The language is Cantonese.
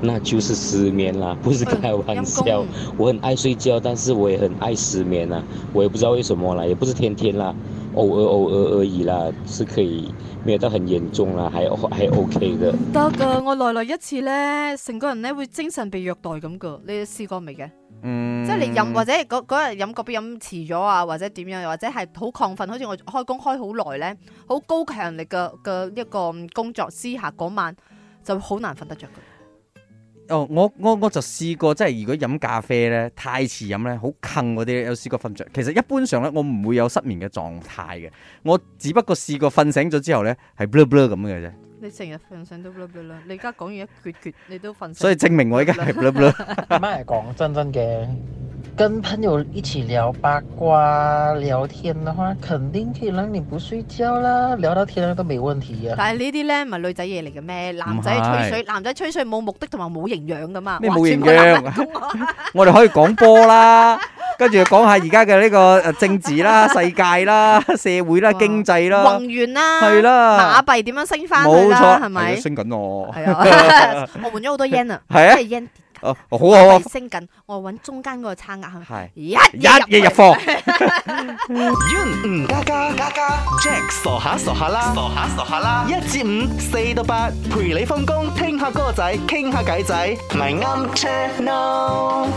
那就是失眠啦，不是開玩笑。嗯、我很愛睡覺，但是我也很愛失眠啦。我也不知道為什麼啦，也不是天天啦，偶爾偶爾而已啦，是可以冇到很嚴重啦，還還 OK 的。得㗎，我來來一次呢，成個人呢會精神被虐待咁㗎。你試過未嘅？嗯。即係你飲或者嗰日飲咖啡飲遲咗啊，或者點樣，或者係好亢奮，好似我開工開好耐咧，好高強力嘅嘅一個工作之下，嗰晚就好難瞓得着嘅。哦，我我我就試過，即係如果飲咖啡咧，太遲飲咧，好坑嗰啲，有試過瞓着。其實一般上咧，我唔會有失眠嘅狀態嘅，我只不過試過瞓醒咗之後咧，係 blu blu 咁嘅啫。你成日瞓醒都 blu blu，你而家講完一撅撅，你都瞓醒咗。所以證明我而家係 blu blu。咩？講真真嘅。跟朋友一起聊八卦，聊天嘅話，肯定可以讓你唔睡覺啦，聊到天亮都沒問題呀。但係呢啲咧，咪女仔嘢嚟嘅咩？男仔吹水，男仔吹水冇目的同埋冇營養噶嘛。咩冇營養？我哋可以講波啦，跟住講下而家嘅呢個政治啦、世界啦、社會啦、經濟啦、能源啦，係啦，馬幣點樣升翻？冇錯，係咪升緊我？係啊，我換咗好多 yen 啊，係啊。哦，好啊，升緊，是我揾中間嗰個差額去，一一日入貨，傻下傻下啦，一至五，四到八，陪你放工，聽下歌仔，傾下偈仔，咪啱車咯。